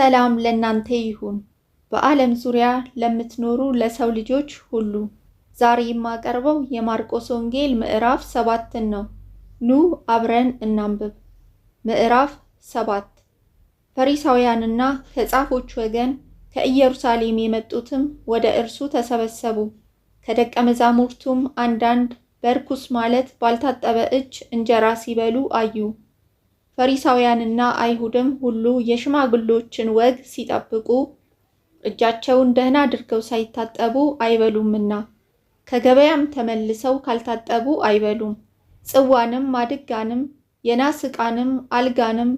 ሰላም ለእናንተ ይሁን። በዓለም ዙሪያ ለምትኖሩ ለሰው ልጆች ሁሉ ዛሬ የማቀርበው የማርቆስ ወንጌል ምዕራፍ ሰባትን ነው። ኑ አብረን እናንብብ። ምዕራፍ ሰባት ፈሪሳውያንና ከጻፎች ወገን ከኢየሩሳሌም የመጡትም ወደ እርሱ ተሰበሰቡ። ከደቀ መዛሙርቱም አንዳንድ በርኩስ ማለት ባልታጠበ እጅ እንጀራ ሲበሉ አዩ። ፈሪሳውያንና አይሁድም ሁሉ የሽማግሎችን ወግ ሲጠብቁ እጃቸውን ደህና አድርገው ሳይታጠቡ አይበሉምና ከገበያም ተመልሰው ካልታጠቡ አይበሉም። ጽዋንም ማድጋንም የናስ ዕቃንም አልጋንም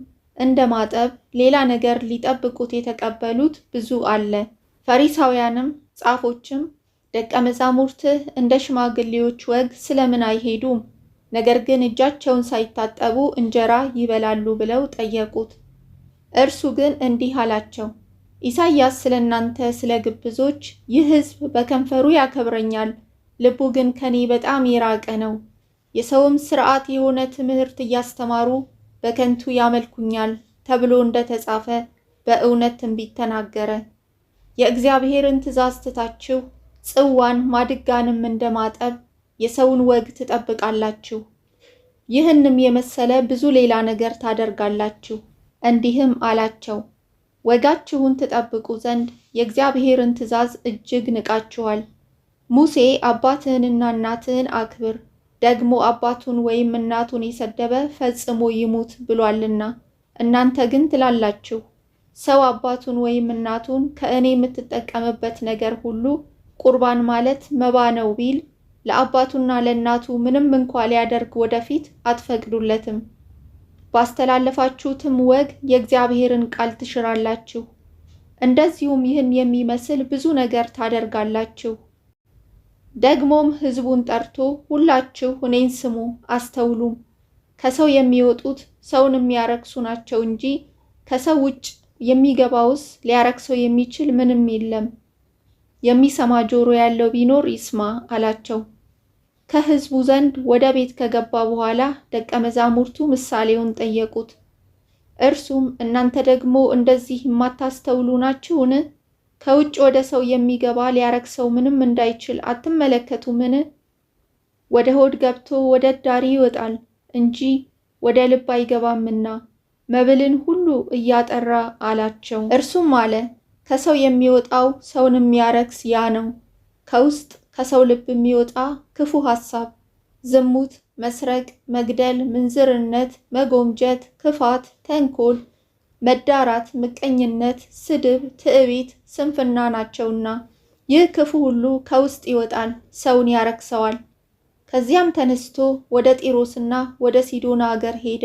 እንደ ማጠብ ሌላ ነገር ሊጠብቁት የተቀበሉት ብዙ አለ። ፈሪሳውያንም ጻፎችም ደቀ መዛሙርትህ እንደ ሽማግሌዎች ወግ ስለምን አይሄዱም? ነገር ግን እጃቸውን ሳይታጠቡ እንጀራ ይበላሉ ብለው ጠየቁት። እርሱ ግን እንዲህ አላቸው፣ ኢሳይያስ ስለ እናንተ ስለ ግብዞች ይህ ሕዝብ በከንፈሩ ያከብረኛል፣ ልቡ ግን ከኔ በጣም የራቀ ነው። የሰውም ሥርዓት የሆነ ትምህርት እያስተማሩ በከንቱ ያመልኩኛል ተብሎ እንደተጻፈ በእውነት ትንቢት ተናገረ። የእግዚአብሔርን ትእዛዝ ትታችሁ ጽዋን ማድጋንም እንደማጠብ የሰውን ወግ ትጠብቃላችሁ፣ ይህንም የመሰለ ብዙ ሌላ ነገር ታደርጋላችሁ። እንዲህም አላቸው፣ ወጋችሁን ትጠብቁ ዘንድ የእግዚአብሔርን ትእዛዝ እጅግ ንቃችኋል። ሙሴ አባትህንና እናትህን አክብር፣ ደግሞ አባቱን ወይም እናቱን የሰደበ ፈጽሞ ይሙት ብሏልና። እናንተ ግን ትላላችሁ ሰው አባቱን ወይም እናቱን ከእኔ የምትጠቀምበት ነገር ሁሉ ቁርባን ማለት መባ ነው ቢል ለአባቱና ለእናቱ ምንም እንኳ ሊያደርግ ወደፊት አትፈቅዱለትም። ባስተላለፋችሁትም ወግ የእግዚአብሔርን ቃል ትሽራላችሁ። እንደዚሁም ይህን የሚመስል ብዙ ነገር ታደርጋላችሁ። ደግሞም ሕዝቡን ጠርቶ ሁላችሁ እኔን ስሙ አስተውሉም፣ ከሰው የሚወጡት ሰውን የሚያረክሱ ናቸው እንጂ ከሰው ውጭ የሚገባውስ ሊያረክሰው የሚችል ምንም የለም። የሚሰማ ጆሮ ያለው ቢኖር ይስማ አላቸው። ከህዝቡ ዘንድ ወደ ቤት ከገባ በኋላ ደቀ መዛሙርቱ ምሳሌውን ጠየቁት። እርሱም እናንተ ደግሞ እንደዚህ የማታስተውሉ ናችሁን? ከውጭ ወደ ሰው የሚገባ ሊያረክሰው ምንም እንዳይችል አትመለከቱምን? ወደ ሆድ ገብቶ ወደ ዳሪ ይወጣል እንጂ ወደ ልብ አይገባምና መብልን ሁሉ እያጠራ አላቸው። እርሱም አለ ከሰው የሚወጣው ሰውን የሚያረክስ ያ ነው፣ ከውስጥ ከሰው ልብ የሚወጣ ክፉ ሐሳብ፣ ዝሙት፣ መስረቅ፣ መግደል፣ ምንዝርነት፣ መጎምጀት፣ ክፋት፣ ተንኮል፣ መዳራት፣ ምቀኝነት፣ ስድብ፣ ትዕቢት፣ ስንፍና ናቸውና ይህ ክፉ ሁሉ ከውስጥ ይወጣል፣ ሰውን ያረክሰዋል። ከዚያም ተነስቶ ወደ ጢሮስና ወደ ሲዶና አገር ሄደ።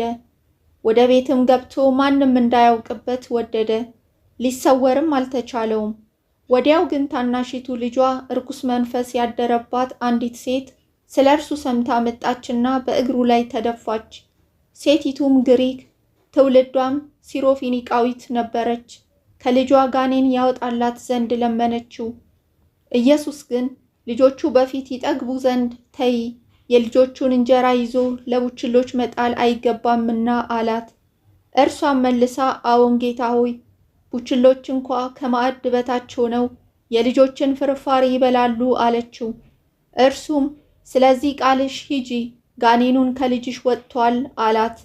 ወደ ቤትም ገብቶ ማንም እንዳያውቅበት ወደደ፣ ሊሰወርም አልተቻለውም። ወዲያው ግን ታናሺቱ ልጇ እርኩስ መንፈስ ያደረባት አንዲት ሴት ስለ እርሱ ሰምታ መጣችና በእግሩ ላይ ተደፋች። ሴቲቱም ግሪክ ትውልዷም ሲሮፊኒቃዊት ነበረች። ከልጇ ጋኔን ያወጣላት ዘንድ ለመነችው። ኢየሱስ ግን ልጆቹ በፊት ይጠግቡ ዘንድ ተይ፣ የልጆቹን እንጀራ ይዞ ለቡችሎች መጣል አይገባምና አላት። እርሷም መልሳ አዎን ጌታ ሆይ ቡችሎች እንኳ ከማዕድ በታች ሆነው የልጆችን ፍርፋሪ ይበላሉ አለችው። እርሱም ስለዚህ ቃልሽ ሂጂ፣ ጋኔኑን ከልጅሽ ወጥቷል አላት።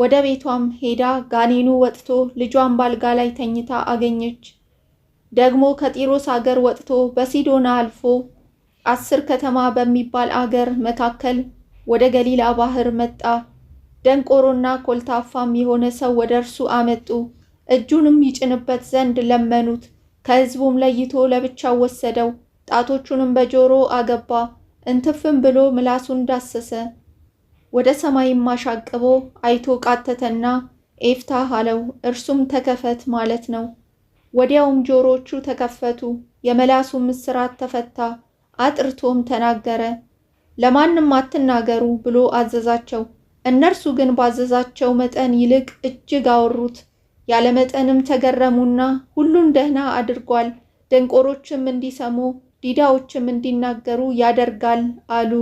ወደ ቤቷም ሄዳ ጋኔኑ ወጥቶ ልጇን ባልጋ ላይ ተኝታ አገኘች። ደግሞ ከጢሮስ አገር ወጥቶ በሲዶና አልፎ አስር ከተማ በሚባል አገር መካከል ወደ ገሊላ ባህር መጣ። ደንቆሮና ኮልታፋም የሆነ ሰው ወደ እርሱ አመጡ። እጁንም ይጭንበት ዘንድ ለመኑት። ከህዝቡም ለይቶ ለብቻው ወሰደው፣ ጣቶቹንም በጆሮ አገባ፣ እንትፍም ብሎ ምላሱን ዳሰሰ። ወደ ሰማይም አሻቅቦ አይቶ ቃተተና ኤፍታህ አለው፣ እርሱም ተከፈት ማለት ነው። ወዲያውም ጆሮቹ ተከፈቱ፣ የመላሱም ምስራት ተፈታ፣ አጥርቶም ተናገረ። ለማንም አትናገሩ ብሎ አዘዛቸው። እነርሱ ግን ባዘዛቸው መጠን ይልቅ እጅግ አወሩት። ያለመጠንም ተገረሙና ሁሉን ደህና አድርጓል፣ ደንቆሮችም እንዲሰሙ ዲዳዎችም እንዲናገሩ ያደርጋል አሉ።